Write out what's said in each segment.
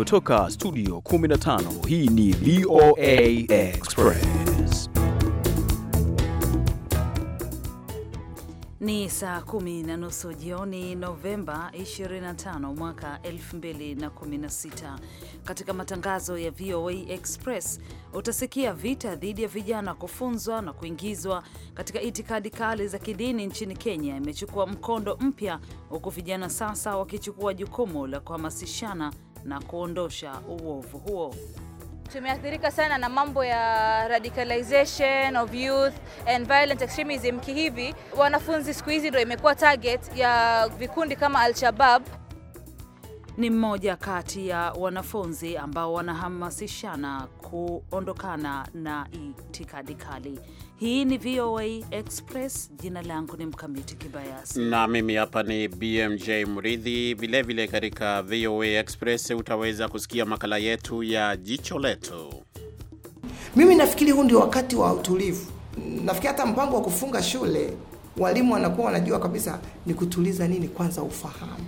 Kutoka studio 15 hii ni VOA Express. Ni saa kumi na nusu jioni Novemba 25 mwaka 2016. Katika matangazo ya VOA Express utasikia vita dhidi ya vijana kufunzwa na kuingizwa katika itikadi kali za kidini nchini Kenya imechukua mkondo mpya, huku vijana sasa wakichukua jukumu la kuhamasishana na kuondosha uovu huo. Tumeathirika sana na mambo ya radicalization of youth and violent extremism. Kihivi wanafunzi siku hizi ndio imekuwa target ya vikundi kama Al-Shabab ni mmoja kati ya wanafunzi ambao wanahamasishana kuondokana na itikadi kali. Hii ni VOA Express. Jina langu ni Mkamiti Kibayasi na mimi hapa ni BMJ Mridhi. Vilevile katika VOA Express utaweza kusikia makala yetu ya jicho letu. Mimi nafikiri huu ndio wakati wa utulivu. Nafikiri hata mpango wa kufunga shule, walimu wanakuwa wanajua kabisa ni kutuliza nini kwanza, ufahamu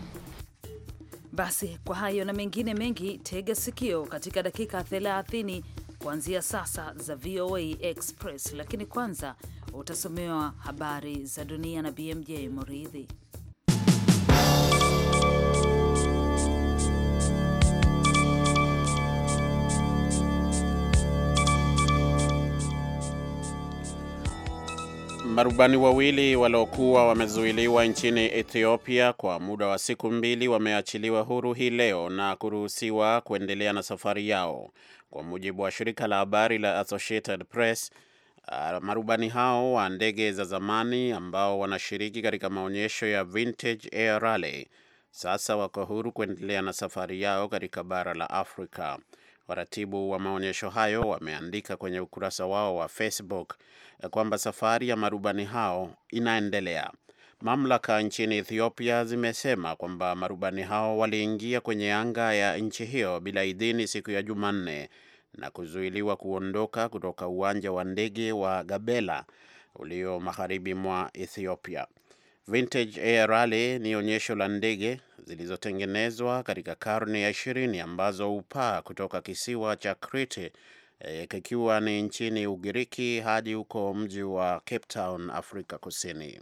basi kwa hayo na mengine mengi, tega sikio katika dakika 30 kuanzia sasa za VOA Express, lakini kwanza utasomewa habari za dunia na BMJ Muridhi. Marubani wawili waliokuwa wamezuiliwa nchini Ethiopia kwa muda wa siku mbili wameachiliwa huru hii leo na kuruhusiwa kuendelea na safari yao. Kwa mujibu wa shirika la habari la Associated Press, ah, marubani hao wa ndege za zamani ambao wanashiriki katika maonyesho ya Vintage Air Rally sasa wako huru kuendelea na safari yao katika bara la Afrika. Waratibu wa maonyesho hayo wameandika kwenye ukurasa wao wa Facebook kwamba safari ya marubani hao inaendelea. Mamlaka nchini Ethiopia zimesema kwamba marubani hao waliingia kwenye anga ya nchi hiyo bila idhini siku ya Jumanne na kuzuiliwa kuondoka kutoka uwanja wa ndege wa Gabela ulio magharibi mwa Ethiopia. Vintage Air Rally ni onyesho la ndege zilizotengenezwa katika karne ya ishirini ambazo hupaa kutoka kisiwa cha Krete e, eh, kikiwa ni nchini Ugiriki hadi huko mji wa Cape Town, Afrika Kusini.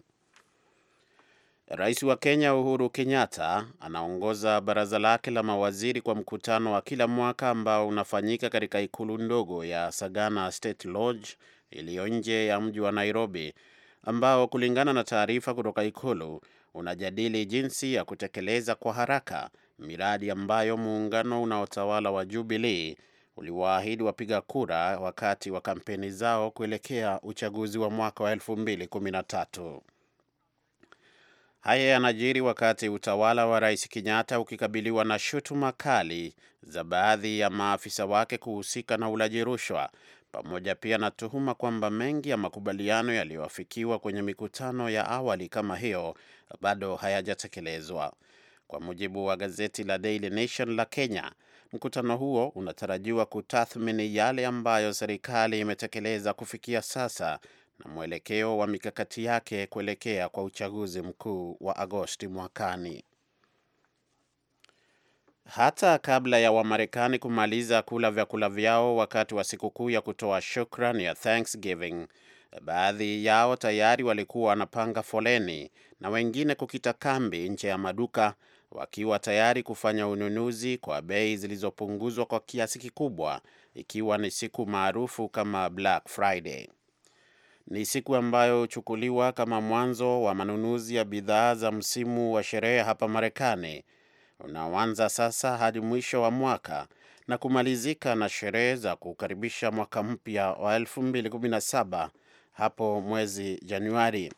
Rais wa Kenya Uhuru Kenyatta anaongoza baraza lake la mawaziri kwa mkutano wa kila mwaka ambao unafanyika katika ikulu ndogo ya Sagana State Lodge iliyo nje ya mji wa Nairobi ambao kulingana na taarifa kutoka ikulu unajadili jinsi ya kutekeleza kwa haraka miradi ambayo muungano unaotawala wa Jubilee uliwaahidi wapiga kura wakati wa kampeni zao kuelekea uchaguzi wa mwaka wa 213 Haya yanajiri wakati utawala wa Rais Kenyatta ukikabiliwa na shutuma kali za baadhi ya maafisa wake kuhusika na ulaji rushwa pamoja pia na tuhuma kwamba mengi ya makubaliano yaliyoafikiwa kwenye mikutano ya awali kama hiyo bado hayajatekelezwa. Kwa mujibu wa gazeti la Daily Nation la Kenya, mkutano huo unatarajiwa kutathmini yale ambayo serikali imetekeleza kufikia sasa na mwelekeo wa mikakati yake kuelekea kwa uchaguzi mkuu wa Agosti mwakani hata kabla ya Wamarekani kumaliza kula vyakula vyao wakati wa sikukuu ya kutoa shukrani ya Thanksgiving, baadhi yao tayari walikuwa wanapanga foleni na wengine kukita kambi nje ya maduka wakiwa tayari kufanya ununuzi kwa bei zilizopunguzwa kwa kiasi kikubwa, ikiwa ni siku maarufu kama Black Friday. Ni siku ambayo huchukuliwa kama mwanzo wa manunuzi ya bidhaa za msimu wa sherehe hapa Marekani unaoanza sasa hadi mwisho wa mwaka na kumalizika na sherehe za kukaribisha mwaka mpya wa 2017 hapo mwezi Januari.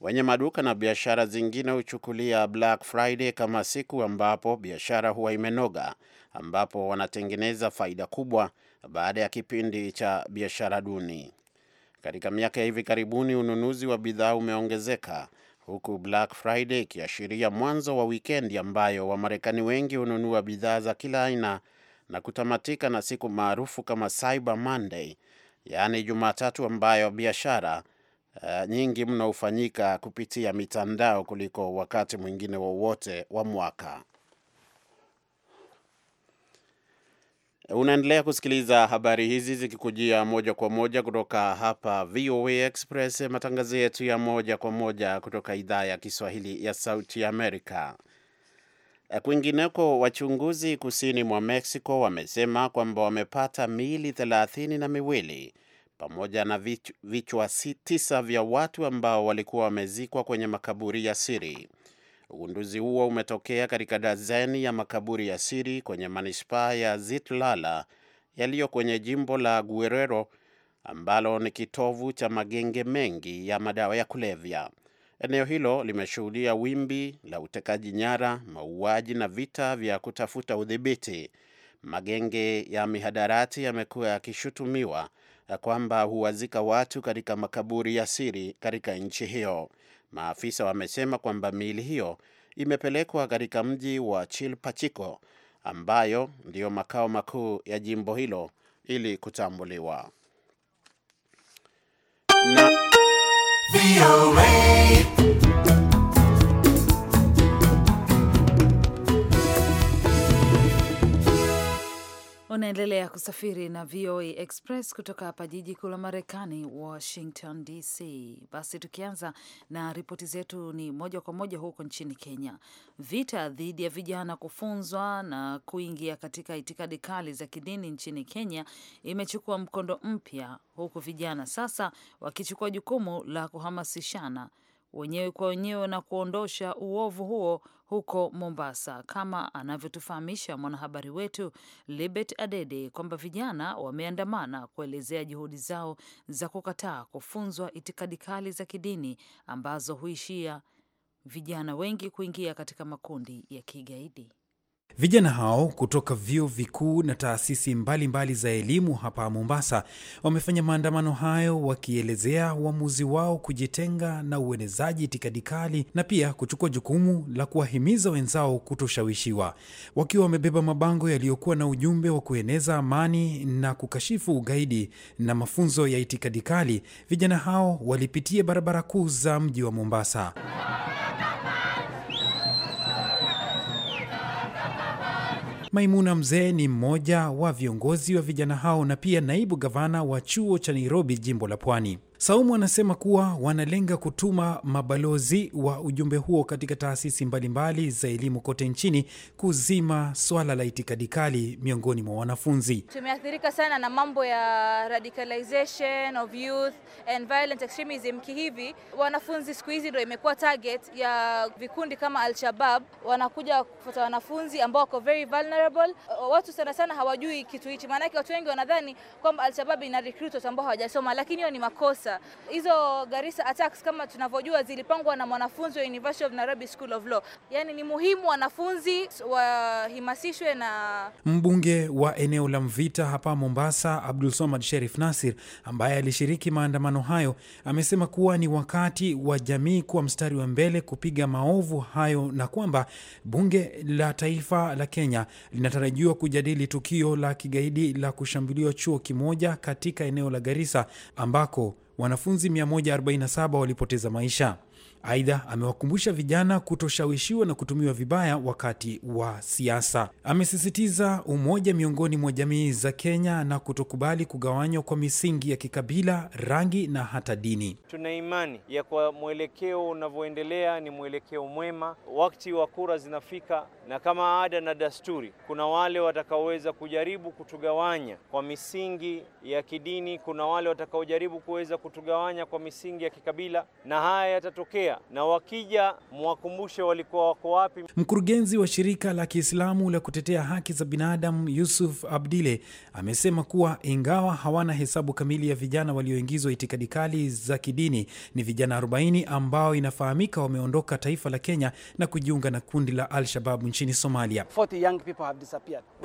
Wenye maduka na biashara zingine huchukulia Black Friday kama siku ambapo biashara huwa imenoga, ambapo wanatengeneza faida kubwa baada ya kipindi cha biashara duni. Katika miaka ya hivi karibuni, ununuzi wa bidhaa umeongezeka huku Black Friday ikiashiria mwanzo wa wikendi ambayo Wamarekani wengi hununua bidhaa za kila aina na kutamatika na siku maarufu kama Cyber Monday, yaani Jumatatu ambayo biashara uh, nyingi mno hufanyika kupitia mitandao kuliko wakati mwingine wowote wa, wa mwaka. Unaendelea kusikiliza habari hizi zikikujia moja kwa moja kutoka hapa VOA Express, matangazo yetu ya moja kwa moja kutoka idhaa ya Kiswahili ya Sauti Amerika. Kwingineko, wachunguzi kusini mwa Mexico wamesema kwamba wamepata miili thelathini na miwili pamoja na vichwa tisa vya watu ambao walikuwa wamezikwa kwenye makaburi ya siri. Ugunduzi huo umetokea katika dazeni ya makaburi ya siri kwenye manispaa ya Zitlala yaliyo kwenye jimbo la Guerrero ambalo ni kitovu cha magenge mengi ya madawa ya kulevya. Eneo hilo limeshuhudia wimbi la utekaji nyara, mauaji na vita vya kutafuta udhibiti. Magenge ya mihadarati yamekuwa yakishutumiwa kwamba huwazika watu katika makaburi ya siri katika nchi hiyo. Maafisa wamesema kwamba miili hiyo imepelekwa katika mji wa Chilpachiko ambayo ndiyo makao makuu ya jimbo hilo ili kutambuliwa. Na... Unaendelea kusafiri na VOA Express kutoka hapa jiji kuu la Marekani, Washington DC. Basi tukianza na ripoti zetu, ni moja kwa moja huko nchini Kenya. Vita dhidi ya vijana kufunzwa na kuingia katika itikadi kali za kidini nchini Kenya imechukua mkondo mpya, huku vijana sasa wakichukua jukumu la kuhamasishana wenyewe kwa wenyewe na kuondosha uovu huo huko Mombasa, kama anavyotufahamisha mwanahabari wetu Libet Adede kwamba vijana wameandamana kuelezea juhudi zao za kukataa kufunzwa itikadi kali za kidini ambazo huishia vijana wengi kuingia katika makundi ya kigaidi. Vijana hao kutoka vyuo vikuu na taasisi mbalimbali mbali za elimu hapa Mombasa wamefanya maandamano hayo wakielezea uamuzi wao kujitenga na uenezaji itikadi kali na pia kuchukua jukumu la kuwahimiza wenzao kutoshawishiwa, wakiwa wamebeba mabango yaliyokuwa na ujumbe wa kueneza amani na kukashifu ugaidi na mafunzo ya itikadi kali. Vijana hao walipitia barabara kuu za mji wa Mombasa. Maimuna Mzee ni mmoja wa viongozi wa vijana hao na pia naibu gavana wa chuo cha Nairobi, jimbo la Pwani. Saumu anasema kuwa wanalenga kutuma mabalozi wa ujumbe huo katika taasisi mbalimbali za elimu kote nchini kuzima swala la itikadi kali miongoni mwa wanafunzi. Tumeathirika sana na mambo ya radicalization of youth and violent extremism. Kihivi wanafunzi siku hizi ndo imekuwa target ya vikundi kama alshabab wanakuja kufuata wanafunzi ambao wako very vulnerable. Watu sana sana hawajui kitu hichi, maanake watu wengi wanadhani kwamba Alshabab ina ambao hawajasoma, lakini hiyo ni makosa. Garissa. Hizo Garissa attacks kama tunavyojua zilipangwa na mwanafunzi wa University of Nairobi School of Law. Yaani ni muhimu wanafunzi wahimasishwe na mbunge wa eneo la Mvita hapa Mombasa, Abdul Somad Sherif Nasir, ambaye alishiriki maandamano hayo, amesema kuwa ni wakati wa jamii kuwa mstari wa mbele kupiga maovu hayo na kwamba bunge la taifa la Kenya linatarajiwa kujadili tukio la kigaidi la kushambuliwa chuo kimoja katika eneo la Garissa ambako wanafunzi 147 walipoteza maisha. Aidha, amewakumbusha vijana kutoshawishiwa na kutumiwa vibaya wakati wa siasa. Amesisitiza umoja miongoni mwa jamii za Kenya na kutokubali kugawanywa kwa misingi ya kikabila, rangi na hata dini. Tuna imani ya kwa mwelekeo unavyoendelea ni mwelekeo mwema. Wakati wa kura zinafika, na kama ada na dasturi kuna wale watakaoweza kujaribu kutugawanya kwa misingi ya kidini, kuna wale watakaojaribu kuweza kutugawanya kwa misingi ya kikabila, na haya yatatokea na wakija mwakumbushe walikuwa wako wapi. Mkurugenzi wa shirika la Kiislamu la kutetea haki za binadamu Yusuf Abdile amesema kuwa ingawa hawana hesabu kamili ya vijana walioingizwa itikadi kali za kidini, ni vijana 40 ambao inafahamika wameondoka taifa la Kenya na kujiunga na kundi la Al-Shabab nchini Somalia.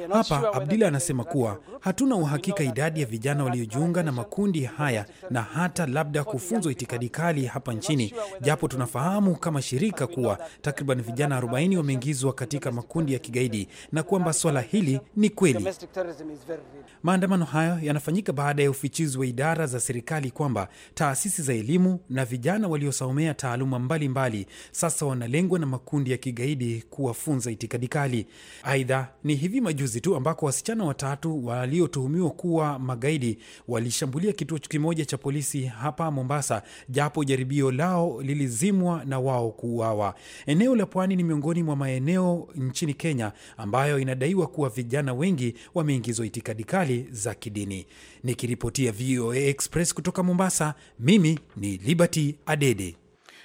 Hapa Abdile anasema kuwa hatuna uhakika idadi ya vijana waliojiunga na makundi haya na hata labda kufunzwa itikadi kali hapa nchini, japo tuna tunafahamu kama shirika kuwa takriban vijana 40 wameingizwa katika makundi ya kigaidi na kwamba swala hili ni kweli. Maandamano hayo yanafanyika baada ya ufichizi wa idara za serikali kwamba taasisi za elimu na vijana waliosomea taaluma mbalimbali mbali, sasa wanalengwa na makundi ya kigaidi kuwafunza itikadi kali. Aidha, ni hivi majuzi tu ambako wasichana watatu waliotuhumiwa kuwa magaidi walishambulia kituo kimoja cha polisi hapa Mombasa, japo jaribio lao lili kuzimwa na wao kuuawa. Eneo la pwani ni miongoni mwa maeneo nchini Kenya ambayo inadaiwa kuwa vijana wengi wameingizwa itikadi kali za kidini. Nikiripotia VOA Express kutoka Mombasa, mimi ni Liberty Adede.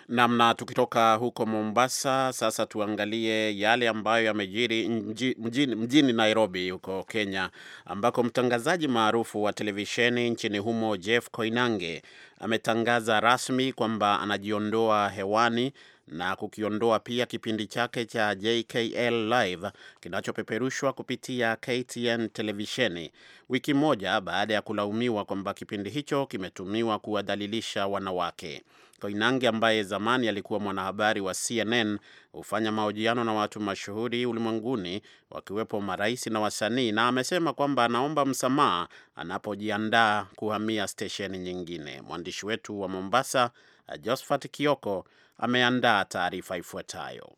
Namna tukitoka huko Mombasa sasa tuangalie yale ambayo yamejiri mji, mjini, mjini Nairobi huko Kenya ambako mtangazaji maarufu wa televisheni nchini humo Jeff Koinange ametangaza rasmi kwamba anajiondoa hewani na kukiondoa pia kipindi chake cha JKL Live kinachopeperushwa kupitia KTN televisheni, wiki moja baada ya kulaumiwa kwamba kipindi hicho kimetumiwa kuwadhalilisha wanawake. Koinange ambaye zamani alikuwa mwanahabari wa CNN hufanya mahojiano na watu mashuhuri ulimwenguni wakiwepo marais na wasanii, na amesema kwamba anaomba msamaha anapojiandaa kuhamia stesheni nyingine. Mwandishi wetu wa Mombasa Josphat Kioko ameandaa taarifa ifuatayo.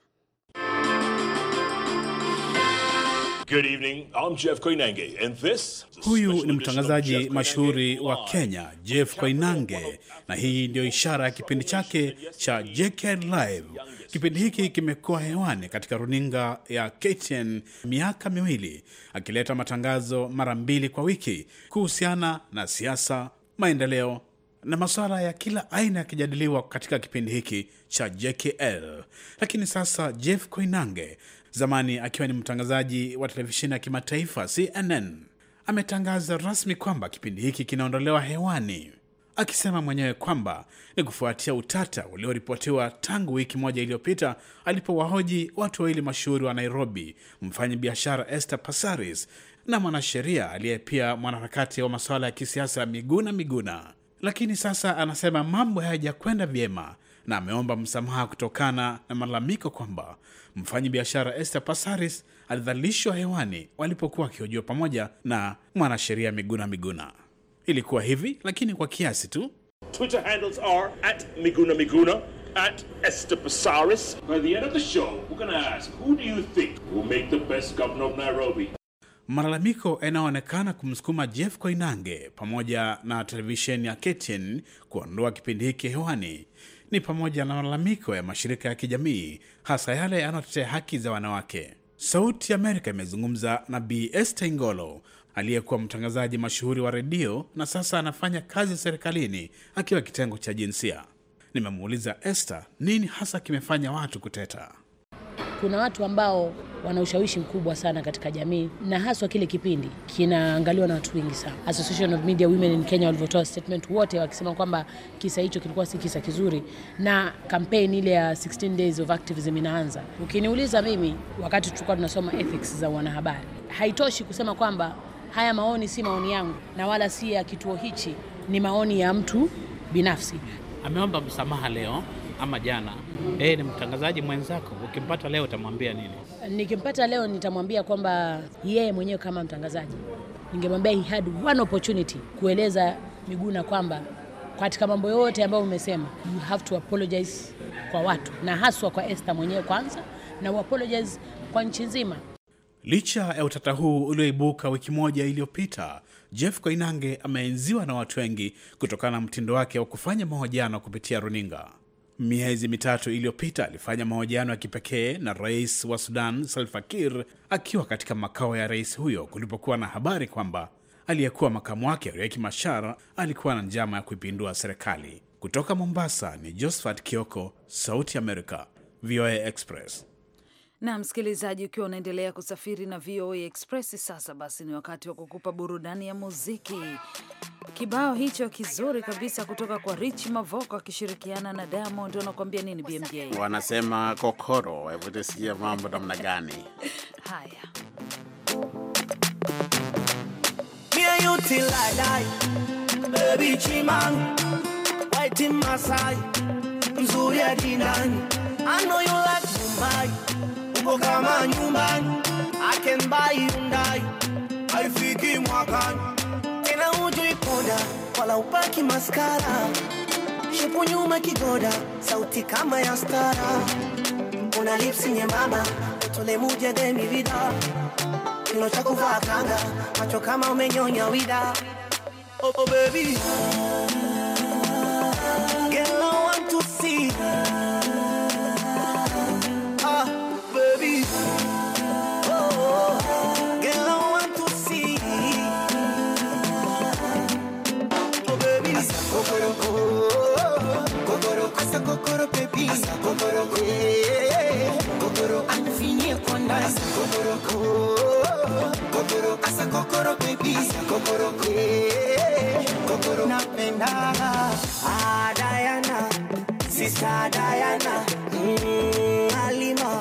Good evening. I'm Jeff Koinange, and this Huyu ni mtangazaji mashuhuri wa Kenya, Jeff Koinange, na hii ndiyo ishara ya kipindi chake cha JK Live. Kipindi hiki kimekuwa hewani katika runinga ya KTN miaka miwili, akileta matangazo mara mbili kwa wiki kuhusiana na siasa, maendeleo na masuala ya kila aina yakijadiliwa katika kipindi hiki cha JKL. Lakini sasa Jeff Koinange zamani akiwa ni mtangazaji wa televisheni ya kimataifa CNN, ametangaza rasmi kwamba kipindi hiki kinaondolewa hewani, akisema mwenyewe kwamba ni kufuatia utata ulioripotiwa tangu wiki moja iliyopita alipowahoji watu wawili mashuhuri wa Nairobi, mfanyabiashara Esther Passaris na mwanasheria aliye pia mwanaharakati wa masuala ya kisiasa Miguna Miguna. Lakini sasa anasema mambo hayajakwenda vyema na ameomba msamaha kutokana na malalamiko kwamba mfanyi biashara Esther Pasaris alidhalishwa hewani walipokuwa wakihojiwa pamoja na mwanasheria Miguna Miguna. Ilikuwa hivi lakini kwa kiasi tu. Twitter handles are at Miguna Miguna at Esther By the end of the show, we're ask who do you think will make the best governor of Nairobi? Malalamiko yanayoonekana kumsukuma Jeff Koinange pamoja na televisheni ya KTN kuondoa kipindi hiki hewani ni pamoja na malalamiko ya mashirika ya kijamii, hasa yale yanayotetea haki za wanawake. Sauti ya Amerika imezungumza na Bi Esther Ingolo aliyekuwa mtangazaji mashuhuri wa redio na sasa anafanya kazi serikalini akiwa kitengo cha jinsia. Nimemuuliza Esther nini hasa kimefanya watu kuteta kuna watu ambao wana ushawishi mkubwa sana katika jamii na haswa kile kipindi kinaangaliwa na watu wengi sana. Association of Media Women in Kenya walivyotoa statement wote wakisema kwamba kisa hicho kilikuwa si kisa kizuri, na campaign ile ya 16 days of activism inaanza. Ukiniuliza mimi, wakati tulikuwa tunasoma ethics za wanahabari, haitoshi kusema kwamba haya maoni si maoni yangu na wala si ya kituo hichi, ni maoni ya mtu binafsi. Ameomba msamaha leo ama jana, yeye ni mtangazaji mwenzako. Ukimpata leo utamwambia nini? Nikimpata leo nitamwambia kwamba yeye mwenyewe kama mtangazaji, ningemwambia he had one opportunity kueleza Miguna kwamba katika mambo yote ambayo umesema, you have to apologize kwa watu na haswa kwa Esther mwenyewe kwanza, na uapologize kwa nchi nzima. Licha ya utata huu ulioibuka wiki moja iliyopita, Jeff Koinange ameenziwa na watu wengi kutokana na mtindo wake wa kufanya mahojiano kupitia runinga. Miezi mitatu iliyopita alifanya mahojiano ya kipekee na rais wa Sudan salfakir akiwa katika makao ya rais huyo kulipokuwa na habari kwamba aliyekuwa makamu wake reki mashar alikuwa na njama ya kuipindua serikali. Kutoka Mombasa ni Josephat Kioko, Sauti America, VOA Express na msikilizaji, ukiwa unaendelea kusafiri na VOA Express, sasa basi ni wakati wa kukupa burudani ya muziki. Kibao hicho kizuri kabisa kutoka kwa Rich Mavoko akishirikiana na Diamond. Wanakuambia nini BMJ? Wanasema kokoro. Hebu mambo namna gani? Haya, hivyo kama nyumbani, akembai undai mwakani tena, ujuikoda wala upaki maskara, shepu nyuma kigoda, sauti kama ya stara, una lipsi nyembamba, utole muje demi vida, kilo cha kuvaa kanga, macho kama umenyonya wida. Oh, oh baby, girl I want to see happy. Kokoroko, kokoroko, anafinye kwa ndani. asa baby. Ah Diana, sister Diana. mm, Alima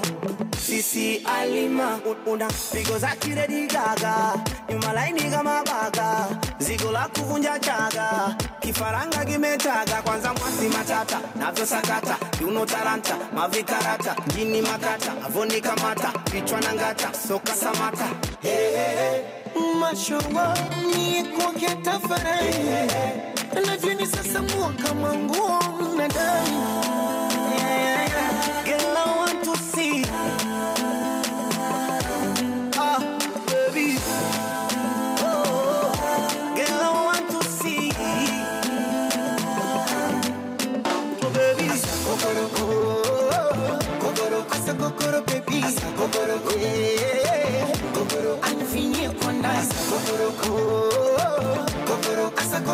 sisi Alima una pigo za kiredi gaga nyuma laini kama baga zigo la kuvunja chaga kifaranga kimetaga kwanza mwasi matata navyo sakata yuno taranta mavikarata jini makata avoni kamata vichwa na ngata soka samata hey, hey, hey. macho wa ni kwake tafarahi hey, hey, hey. Lakini sasa mua kama nguo mnadai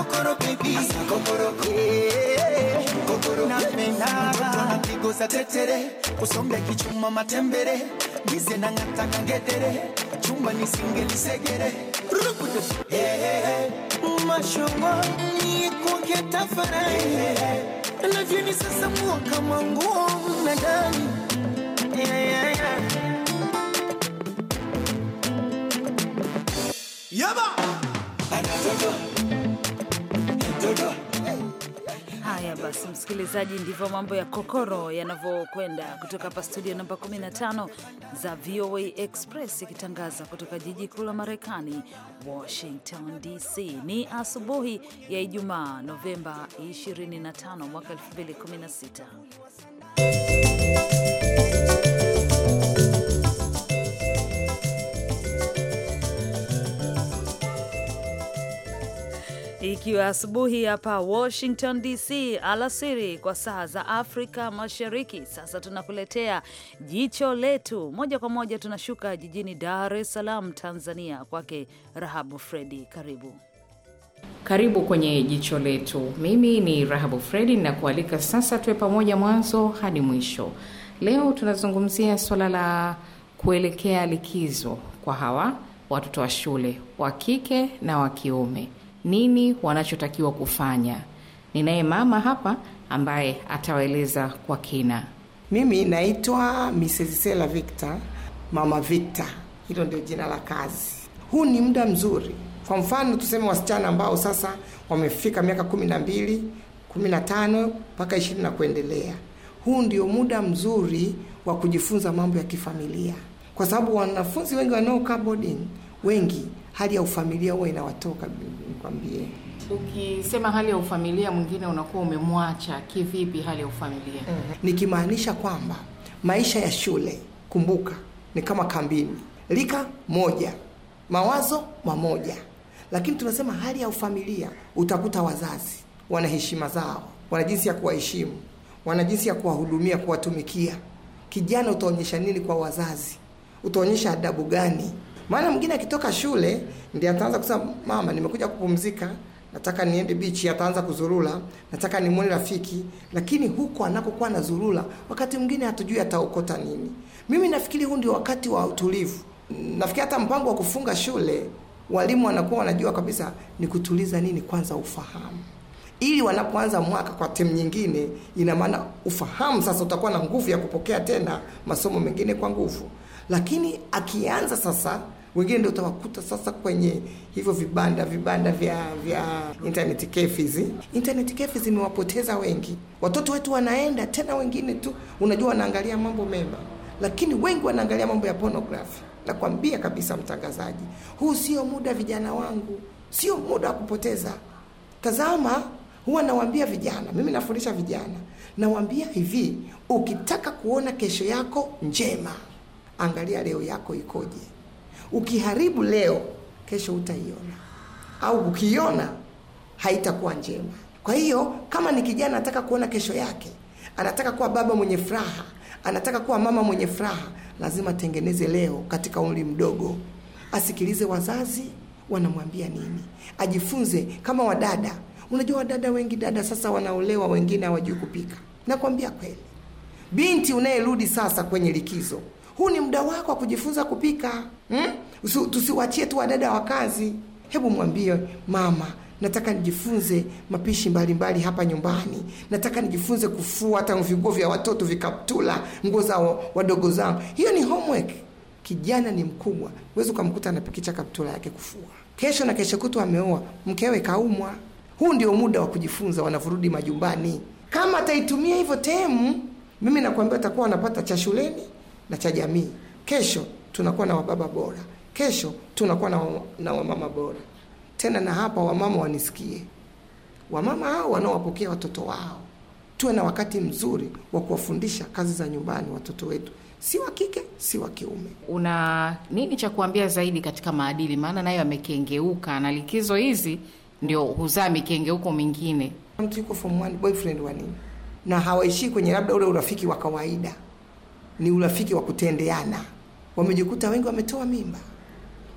kokoro baby asa kokoro yeah. kokoro napendanga pigo za tetere kusonga kichuma matembere Bize na ngataka ngedere chumba nisingelisekere rukude hey, eh, hey, hey. mashongo nikuketafarai hey, hey. lavyeni sasa mua kama nguo na ndani yeah, yeah, yeah. Yaba! Another watoto. Haya basi, msikilizaji, ndivyo mambo ya kokoro yanavyokwenda kutoka hapa studio namba 15 za VOA Express, ikitangaza kutoka jiji kuu la Marekani, Washington DC. Ni asubuhi ya Ijumaa, Novemba 25 mwaka 2016. ikiwa asubuhi hapa Washington DC, alasiri kwa saa za Afrika Mashariki. Sasa tunakuletea jicho letu moja kwa moja, tunashuka jijini Dar es Salaam, Tanzania, kwake Rahabu Fredi. Karibu. Karibu kwenye jicho letu. Mimi ni Rahabu Fredi ninakualika sasa tuwe pamoja mwanzo hadi mwisho. Leo tunazungumzia swala la kuelekea likizo kwa hawa watoto wa shule wa kike na wa kiume nini wanachotakiwa kufanya. Ninaye mama hapa ambaye atawaeleza kwa kina. Mimi naitwa Mrs. Sela Victor, mama Victor, hilo ndio jina la kazi. Huu ni muda mzuri, kwa mfano tuseme wasichana ambao sasa wamefika miaka kumi na mbili, kumi na tano mpaka ishirini na kuendelea. Huu ndio muda mzuri wa kujifunza mambo ya kifamilia, kwa sababu wanafunzi wengi wanaokaa boarding wengi hali ya ufamilia huwa inawatoka, nikwambie. Ukisema hali ya ufamilia, mwingine unakuwa umemwacha kivipi? Hali ya ufamilia mm. nikimaanisha kwamba maisha ya shule, kumbuka, ni kama kambini, lika moja, mawazo mamoja, lakini tunasema hali ya ufamilia, utakuta wazazi wana heshima zao, wana jinsi ya kuwaheshimu, wana jinsi ya kuwahudumia, kuwatumikia. Kijana utaonyesha nini kwa wazazi? Utaonyesha adabu gani? Maana mwingine akitoka shule ndiye ataanza kusema mama, nimekuja kupumzika, nataka niende bichi, ataanza kuzurula, nataka nimwone rafiki, lakini huko anakokuwa na zurula, wakati mwingine hatujui ataokota nini. Mimi nafikiri huu ndio wakati wa utulivu. Nafikiri hata mpango wa kufunga shule, walimu wanakuwa wanajua kabisa ni kutuliza nini kwanza, ufahamu ili wanapoanza mwaka kwa timu nyingine, ina maana ufahamu sasa utakuwa na nguvu ya kupokea tena masomo mengine kwa nguvu lakini akianza sasa wengine ndio utawakuta sasa kwenye hivyo vibanda vibanda vya vya internet cafes. Internet cafes imewapoteza wengi, watoto wetu wanaenda tena, wengine tu unajua wanaangalia mambo mema, lakini wengi wanaangalia mambo ya pornography. Nakwambia kabisa, mtangazaji, huu sio muda, vijana wangu, sio muda wa kupoteza. Tazama, huwa nawaambia vijana, mimi nafundisha vijana, nawaambia hivi, ukitaka kuona kesho yako njema Angalia leo yako ikoje. Ukiharibu leo, kesho utaiona, au ukiona haitakuwa njema. Kwa hiyo kama ni kijana anataka kuona kesho yake, anataka kuwa baba mwenye furaha, anataka kuwa mama mwenye furaha, lazima atengeneze leo katika umri mdogo, asikilize wazazi wanamwambia nini, ajifunze kama wadada. Unajua wadada wengi, dada sasa wanaolewa, wengine hawajui kupika. Nakwambia kweli, binti unayerudi sasa kwenye likizo huu ni muda wako wa kujifunza kupika hmm? Tusiwachie tu wadada wa kazi. Hebu mwambie mama, nataka nijifunze mapishi mbalimbali mbali hapa nyumbani, nataka nijifunze kufua hata viguo vya watoto, vikaptula, nguo za wadogo zangu. Hiyo ni homework. Kijana ni mkubwa, uwezi ukamkuta anapikicha kaptula yake kufua. Kesho na kesho kutu ameoa, mkewe kaumwa. Huu ndio muda wa kujifunza, wanavurudi majumbani. Kama ataitumia hivyo temu, mimi nakwambia atakuwa anapata cha shuleni na cha jamii. Kesho tunakuwa na wababa bora, kesho tunakuwa na, na wamama bora tena. Na hapa wamama wanisikie, wamama hao wanaowapokea watoto wao, tuwe na wakati mzuri wa kuwafundisha kazi za nyumbani watoto wetu, si wa kike si wa kiume. Una nini cha kuambia zaidi katika maadili? Maana nayo amekengeuka na likizo hizi ndio huzaa mikengeuko mingine. Mtu yuko form one boyfriend wa nini, na hawaishii kwenye labda ule urafiki wa kawaida ni urafiki wa kutendeana. Wamejikuta wengi wametoa mimba,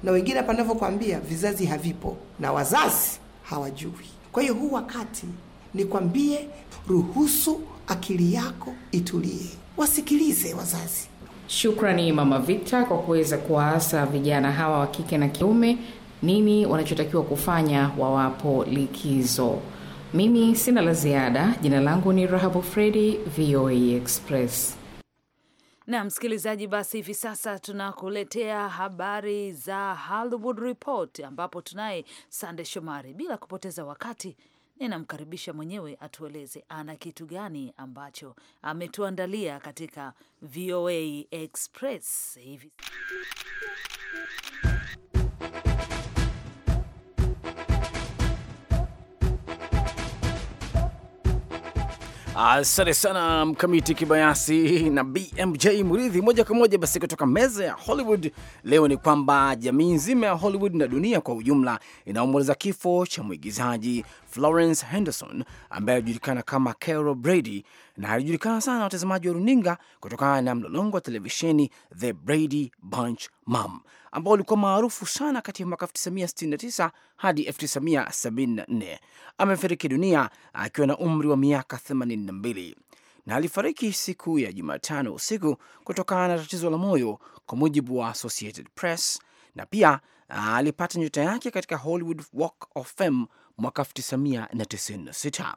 na wengine hapa ninavyokwambia vizazi havipo na wazazi hawajui. Kwa hiyo huu wakati nikwambie, ruhusu akili yako itulie, wasikilize wazazi. Shukrani Mama Vita kwa kuweza kuwaasa vijana hawa wa kike na kiume nini wanachotakiwa kufanya wawapo likizo. Mimi sina la ziada. Jina langu ni Rahabu Fredi, VOA Express. Na msikilizaji, basi hivi sasa tunakuletea habari za Hollywood Report, ambapo tunaye Sande Shomari. Bila kupoteza wakati, ninamkaribisha mwenyewe atueleze ana kitu gani ambacho ametuandalia katika VOA Express hivi Asante sana Mkamiti Kibayasi na BMJ Muridhi. Moja kwa moja basi kutoka meza ya Hollywood leo ni kwamba jamii nzima ya Hollywood na dunia kwa ujumla inaomboleza kifo cha mwigizaji Florence Henderson ambaye alijulikana kama Carol Brady na alijulikana sana na watazamaji wa runinga kutokana na mlolongo wa televisheni The Brady Bunch Mom ambao ulikuwa maarufu sana kati ya mwaka 1969 hadi 1974. Amefariki dunia akiwa na umri wa miaka 82 na alifariki siku ya Jumatano usiku kutokana na tatizo la moyo, kwa mujibu wa Associated Press. Na pia ah, alipata nyota yake katika Hollywood Walk of Fame mwaka 1996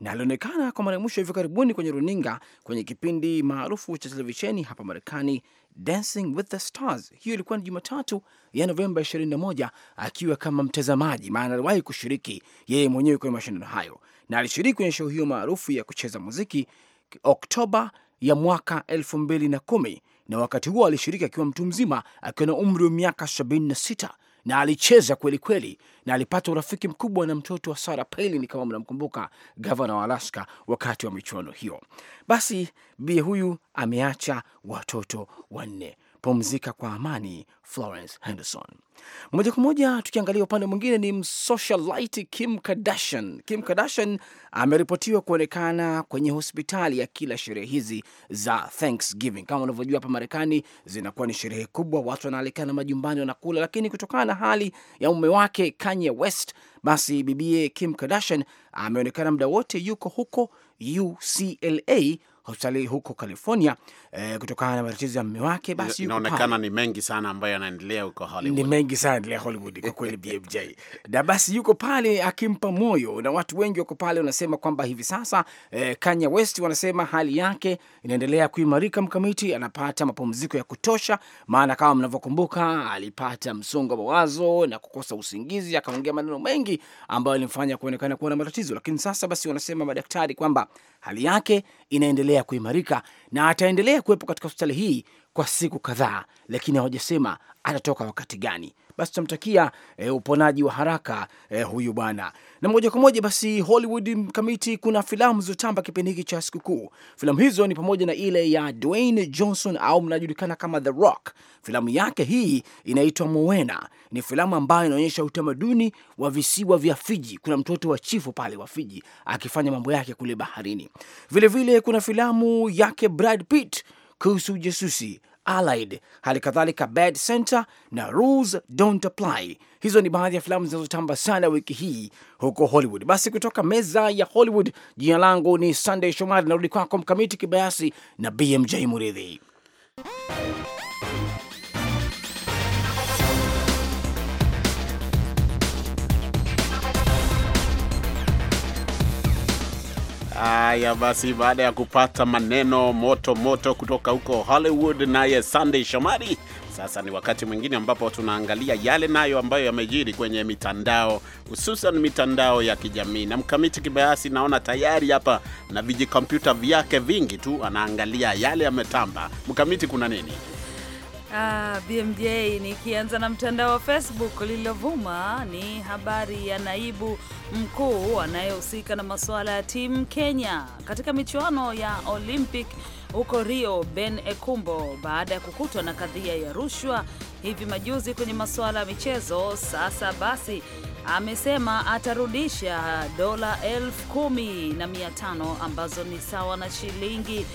na alionekana kwa mara ya mwisho hivi karibuni kwenye runinga kwenye kipindi maarufu cha televisheni hapa Marekani, Dancing with the Stars. Hiyo ilikuwa ni Jumatatu ya Novemba 21, akiwa kama mtazamaji, maana aliwahi kushiriki yeye mwenyewe kwenye mashindano hayo, na alishiriki kwenye show hiyo maarufu ya kucheza muziki Oktoba ya mwaka 2010 na na wakati huo alishiriki akiwa mtu mzima, akiwa na umri wa miaka 76 na alicheza kweli kweli, na alipata urafiki mkubwa na mtoto wa Sarah Palin kama mnamkumbuka, gavana wa Alaska, wakati wa michuano hiyo. Basi bibi huyu ameacha watoto wanne pumzika kwa amani, Florence Henderson. Moja kwa moja tukiangalia upande mwingine ni msocialite Kim Kardashian. Kim Kardashian ameripotiwa kuonekana kwenye hospitali ya kila sherehe hizi za Thanksgiving. Kama unavyojua hapa Marekani zinakuwa ni sherehe kubwa, watu wanaalikana majumbani, wanakula, lakini kutokana na hali ya mume wake Kanye West, basi bibie Kim Kardashian ameonekana muda wote yuko huko UCLA hospitali huko California eh, kutokana na matatizo ya mume wake. Basi inaonekana ni mengi sana ambayo yanaendelea huko Hollywood, ni mengi sana yanaendelea Hollywood kwa kweli BMJ na basi yuko pale akimpa moyo, na watu wengi wako pale wanasema kwamba hivi sasa eh, Kanye West wanasema hali yake inaendelea kuimarika, mkamiti anapata mapumziko ya kutosha, maana kama mnavyokumbuka alipata msongo wa mawazo na kukosa usingizi, akaongea maneno mengi ambayo alimfanya kuonekana kuwa na matatizo, lakini sasa basi wanasema madaktari kwamba hali yake inaendelea kuimarika na ataendelea kuwepo katika hospitali hii kwa siku kadhaa, lakini hawajasema atatoka wakati gani basi tutamtakia e, uponaji wa haraka e, huyu bwana. Na moja kwa moja basi Hollywood mkamiti, kuna filamu zilizotamba kipindi hiki cha sikukuu. Filamu hizo ni pamoja na ile ya Dwayne Johnson au mnajulikana kama The Rock. Filamu yake hii inaitwa Moana. Ni filamu ambayo inaonyesha utamaduni wa visiwa vya Fiji. Kuna mtoto wa chifu pale wa Fiji akifanya mambo yake kule baharini. Vilevile vile kuna filamu yake Brad Pitt kuhusu ujasusi Allied, hali kadhalika Bad Center na Rules Don't Apply. Hizo ni baadhi ya filamu zinazotamba sana wiki hii huko Hollywood. Basi kutoka meza ya Hollywood, jina langu ni Sunday Shomari, narudi kwako Mkamiti Kibayasi na BMJ Muridhi. Haya basi, baada ya kupata maneno moto moto kutoka huko Hollywood, naye Sunday Shomari, sasa ni wakati mwingine ambapo tunaangalia yale nayo ambayo yamejiri kwenye mitandao, hususan mitandao ya kijamii. Na mkamiti kibayasi, naona tayari hapa na vijikompyuta vyake vingi tu, anaangalia yale yametamba. Mkamiti, kuna nini? Ah, BMJ nikianza na mtandao wa Facebook, lililovuma ni habari ya naibu mkuu anayehusika na masuala ya timu Kenya katika michuano ya Olympic huko Rio, Ben Ekumbo, baada ya kukutwa na kadhia ya rushwa hivi majuzi kwenye masuala ya michezo. Sasa basi amesema atarudisha dola elfu kumi na mia tano ambazo ni sawa na shilingi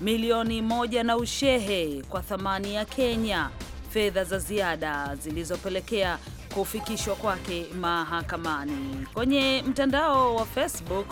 milioni moja na ushehe kwa thamani ya Kenya, fedha za ziada zilizopelekea kufikishwa kwake mahakamani. Kwenye mtandao wa Facebook,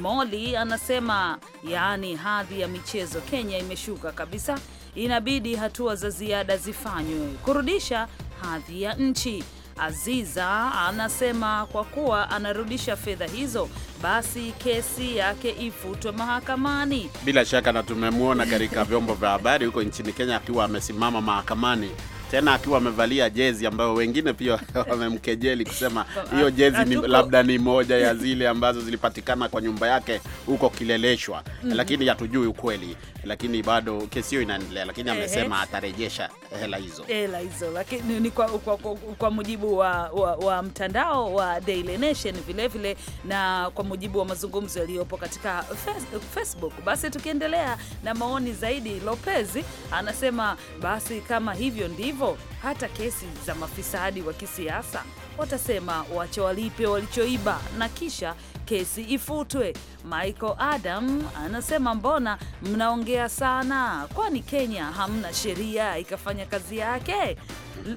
Moli anasema yaani, hadhi ya michezo Kenya imeshuka kabisa, inabidi hatua za ziada zifanywe kurudisha hadhi ya nchi. Aziza anasema kwa kuwa anarudisha fedha hizo basi kesi yake ifutwe mahakamani. Bila shaka, na tumemwona katika vyombo vya habari huko nchini Kenya akiwa amesimama mahakamani tena akiwa amevalia jezi ambayo wengine pia wamemkejeli kusema hiyo jezi ni, labda ni moja ya zile ambazo zilipatikana kwa nyumba yake huko Kileleshwa, mm -hmm. Lakini hatujui ukweli lakini bado kesi hiyo inaendelea, lakini amesema atarejesha hela hizo, hela hizo, lakini ni kwa, kwa, kwa, kwa mujibu wa, wa, wa mtandao wa Daily Nation vilevile vile, na kwa mujibu wa mazungumzo yaliyopo katika Facebook. Basi tukiendelea na maoni zaidi, Lopez anasema basi kama hivyo ndivyo hata kesi za mafisadi wa kisiasa watasema wache walipe walichoiba na kisha kesi ifutwe. Michael Adam anasema mbona mnaongea sana, kwani Kenya hamna sheria ikafanya kazi yake?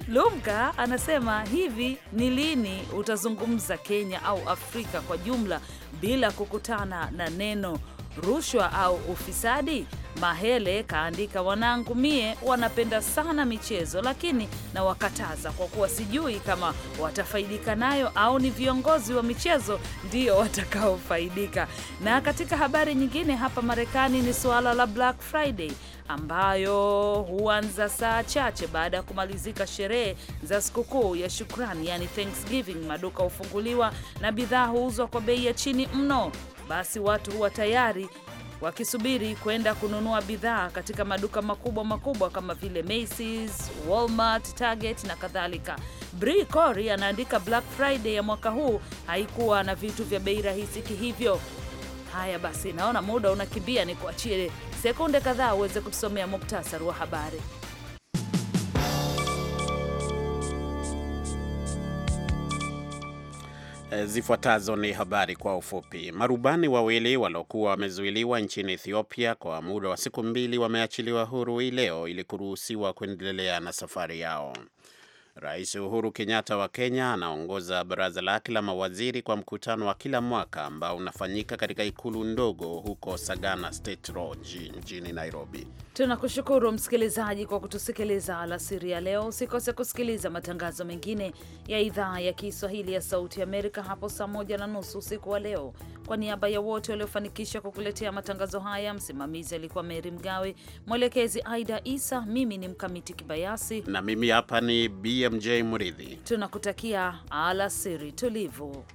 Lumka anasema hivi, ni lini utazungumza Kenya au Afrika kwa jumla bila kukutana na neno rushwa au ufisadi? Mahele kaandika, wanangu mie wanapenda sana michezo, lakini nawakataza kwa kuwa sijui kama watafaidika nayo au ni viongozi wa michezo ndio watakaofaidika. Na katika habari nyingine hapa Marekani ni suala la Black Friday ambayo huanza saa chache baada ya kumalizika sherehe za sikukuu ya shukrani, yani Thanksgiving. Maduka hufunguliwa na bidhaa huuzwa kwa bei ya chini mno basi watu huwa tayari wakisubiri kwenda kununua bidhaa katika maduka makubwa makubwa kama vile Macy's, Walmart, Target na kadhalika. Bri Cory anaandika Black Friday ya mwaka huu haikuwa na vitu vya bei rahisi kihivyo. Haya basi, naona muda unakimbia, ni kuachie sekunde kadhaa uweze kusomea muktasari wa habari. Eh, zifuatazo ni habari kwa ufupi. Marubani wawili waliokuwa wamezuiliwa nchini Ethiopia kwa muda wa siku mbili wameachiliwa huru hii leo ili kuruhusiwa kuendelea na safari yao. Rais Uhuru Kenyatta wa Kenya anaongoza baraza lake la mawaziri kwa mkutano wa kila mwaka ambao unafanyika katika ikulu ndogo huko Sagana State Road nchini Nairobi. Tunakushukuru msikilizaji kwa kutusikiliza alasiri ya leo. Usikose kusikiliza matangazo mengine ya idhaa ya Kiswahili ya Sauti Amerika hapo saa moja na nusu usiku wa leo. Kwa niaba ya wote waliofanikisha kukuletea matangazo haya, msimamizi alikuwa Meri Mgawe, mwelekezi Aida Isa, mimi ni Mkamiti Kibayasi na mimi hapa ni BMJ mridhi Tunakutakia alasiri tulivu.